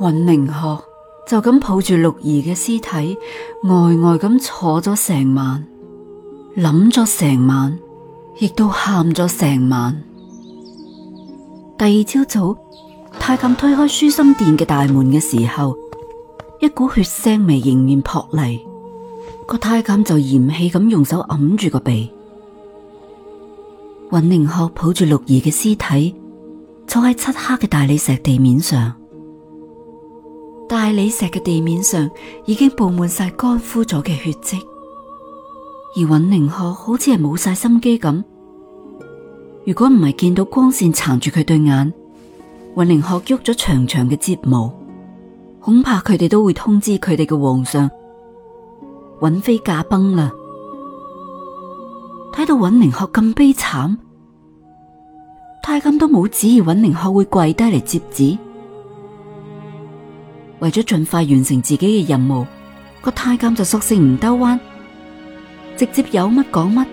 尹寧鶴就咁抱住六兒嘅屍體，呆呆咁坐咗成晚，諗咗成晚，亦都喊咗成晚。第二朝早，太監推開舒心殿嘅大門嘅時候，一股血腥味迎面撲嚟，個太監就嫌棄咁用手揞住個鼻。尹寧鶴抱住六兒嘅屍體，坐喺漆黑嘅大理石地面上。大理石嘅地面上已經布滿晒乾枯咗嘅血跡，而尹寧鶴好似係冇晒心機咁。如果唔係見到光線撐住佢對眼，尹寧鶴喐咗長長嘅睫毛，恐怕佢哋都會通知佢哋嘅皇上尹妃駕崩啦。睇到尹寧鶴咁悲慘，太監都冇指意尹寧鶴會跪低嚟接旨。為咗盡快完成自己嘅任務，個太監就索性唔兜彎，直接有乜講乜，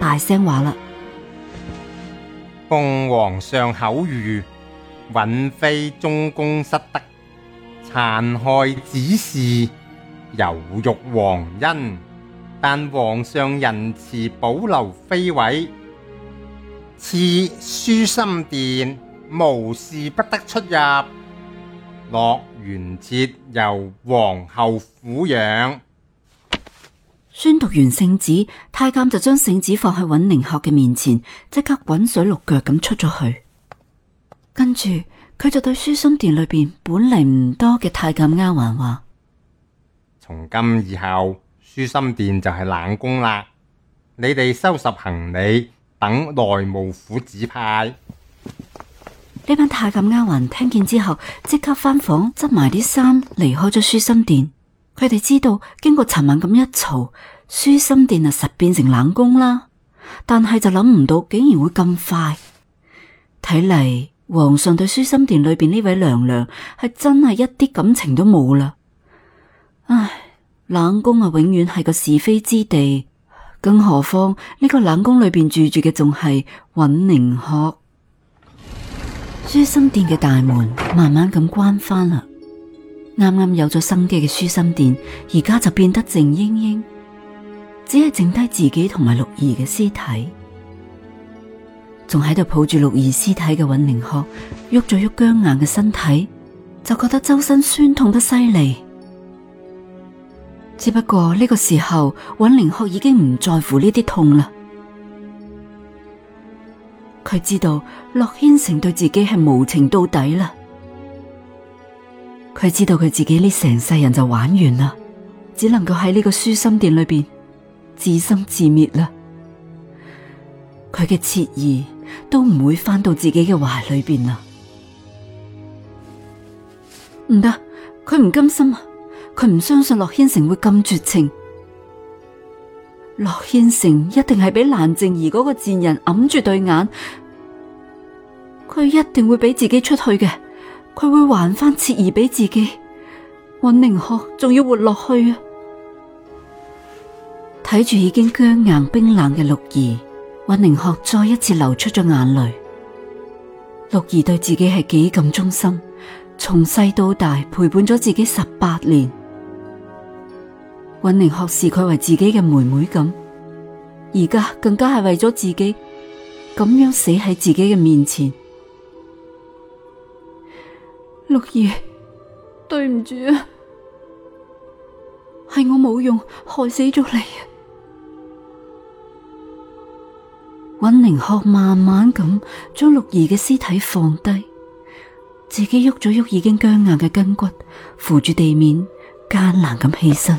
大聲話啦：奉皇上口諭，允妃中宮失德，殘害子嗣，猶辱皇恩，但皇上仁慈，保留妃位，賜書心殿，無事不得出入。樂完節由皇后撫養。宣讀完聖旨，太監就將聖旨放喺尹寧學嘅面前，即刻滾水六腳咁出咗去。跟住佢就對書心殿裏邊本嚟唔多嘅太監丫鬟話：從今以後書心殿就係冷宮啦，你哋收拾行李，等內務府指派。呢班太監丫鬟聽見之後，即刻翻房執埋啲衫離開咗舒心殿。佢哋知道經過尋晚咁一嘈，舒心殿啊實變成冷宮啦。但係就諗唔到竟然會咁快。睇嚟皇上對舒心殿裏邊呢位娘娘係真係一啲感情都冇啦。唉，冷宮啊永遠係個是非之地，更何況呢個冷宮裏邊住住嘅仲係尹寧珂。舒心殿嘅大門慢慢咁關翻啦，啱啱有咗生機嘅舒心殿，而家就變得靜英英，只係剩低自己同埋六兒嘅屍體，仲喺度抱住六兒屍體嘅尹寧鶴，喐咗喐僵硬嘅身體，就覺得周身酸痛得犀利。只不過呢個時候，尹寧鶴已經唔在乎呢啲痛啦。佢知道洛軒城對自己係無情到底啦，佢知道佢自己呢成世人就玩完啦，只能夠喺呢個舒心殿裏邊自生自滅啦，佢嘅妻兒都唔會返到自己嘅懷裏邊啦，唔得，佢唔甘心啊，佢唔相信洛軒城會咁絕情。洛軒成一定係俾蘭靜怡嗰個賤人揞住對眼，佢一定會俾自己出去嘅，佢會還翻切兒俾自己。尹寧學仲要活落去啊！睇住已經僵硬冰冷嘅六兒，尹寧學再一次流出咗眼淚。六兒對自己係幾咁忠心，從細到大陪伴咗自己十八年。尹寧學視佢為自己嘅妹妹咁，而家更加係為咗自己咁樣死喺自己嘅面前。六兒，對唔住，啊，係我冇用，害死咗你。尹寧學慢慢咁將六兒嘅屍體放低，自己喐咗喐已經僵硬嘅筋骨，扶住地面，艱難咁起身。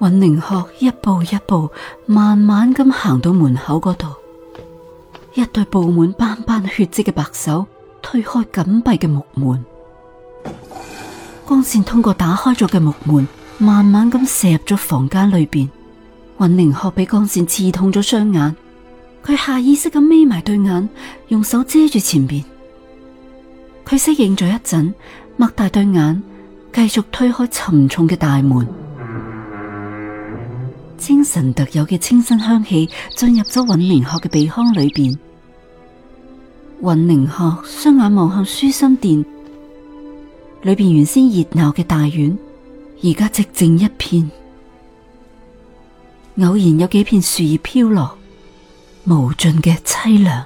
尹寧鶴一步一步慢慢咁行到門口嗰度，一對布滿斑斑血跡嘅白手推開緊閉嘅木門，光線通過打開咗嘅木門，慢慢咁射入咗房間裏邊。尹寧鶴俾光線刺痛咗雙眼，佢下意識咁眯埋對眼，用手遮住前邊。佢適應咗一陣，擘大對眼，繼續推開沉重嘅大門。清晨特有嘅清新香氣進入咗尹寧學嘅鼻腔裏邊。尹寧學雙眼望向舒心殿裏邊原先熱鬧嘅大院，而家寂靜一片。偶然有幾片樹葉飄落，無盡嘅淒涼。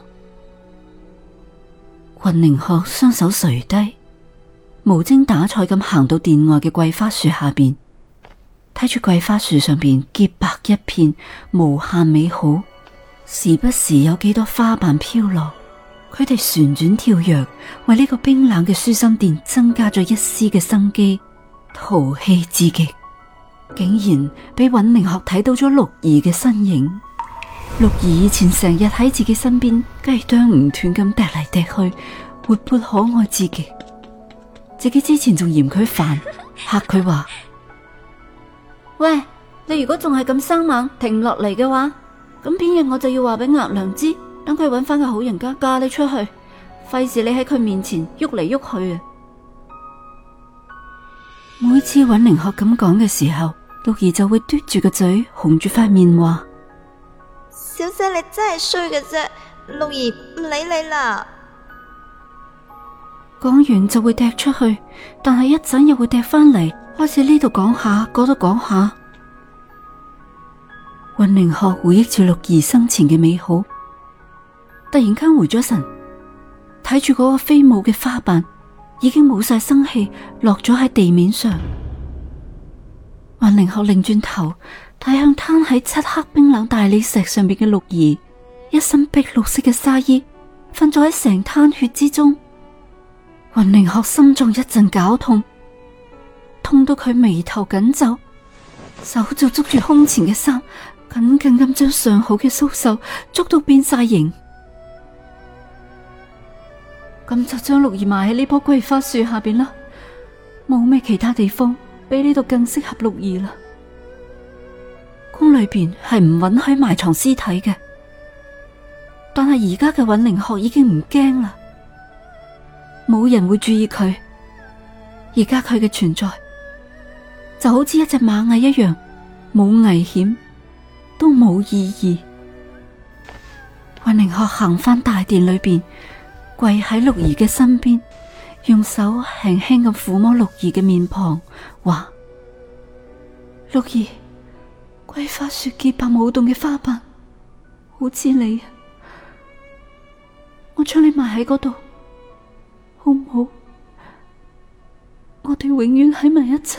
尹寧學雙手垂低，無精打采咁行到殿外嘅桂花樹下邊。睇住桂花樹上邊潔白一片，無限美好。時不時有幾多花瓣飄落，佢哋旋轉跳躍，為呢個冰冷嘅舒心殿增加咗一絲嘅生機，淘氣至極。竟然俾尹明學睇到咗六兒嘅身影。六兒以前成日喺自己身邊，雞啄唔斷咁趯嚟趯去，活潑可愛至極。自己之前仲嫌佢煩，嚇佢話。喂，你如果仲係咁生猛，停唔落嚟嘅話，咁變嘢我就要話俾額娘知，等佢揾翻個好人家嫁你出去，費事你喺佢面前喐嚟喐去啊！每次尹凌鶴咁講嘅時候，六兒就會嘟住個嘴，紅住塊面話：小姐你真係衰嘅啫，六兒唔理你啦。講完就會踢出去，但係一陣又會踢翻嚟。開始呢度講下，講到講下，雲凌鶴回憶住綠兒生前嘅美好，突然間回咗神，睇住嗰個飛舞嘅花瓣，已經冇晒生氣，落咗喺地面上。雲凌鶴擰轉頭睇向攤喺漆黑冰冷大理石上邊嘅綠兒，一身碧綠色嘅紗衣，瞓咗喺成灘血之中。雲凌鶴心中一陣絞痛。痛到佢眉頭緊皺，手就捉住胸前嘅衫，緊緊咁將上好嘅酥手捉到變晒形。咁 就將鹿兒埋喺呢棵桂花樹下邊啦，冇咩其他地方比呢度更適合鹿兒啦。宮裏邊係唔允許埋藏屍體嘅，但係而家嘅允寧鶴已經唔驚啦，冇人會注意佢，而家佢嘅存在。就好似一隻螞蟻一樣，冇危險都冇意義，雲寧學行返大殿裏邊，跪喺六兒嘅身邊，用手輕輕咁撫摸六兒嘅面龐，話：六兒，桂花雪潔白舞動嘅花瓣，好似你啊，我將你埋喺嗰度，好唔好？我哋永遠喺埋一齊。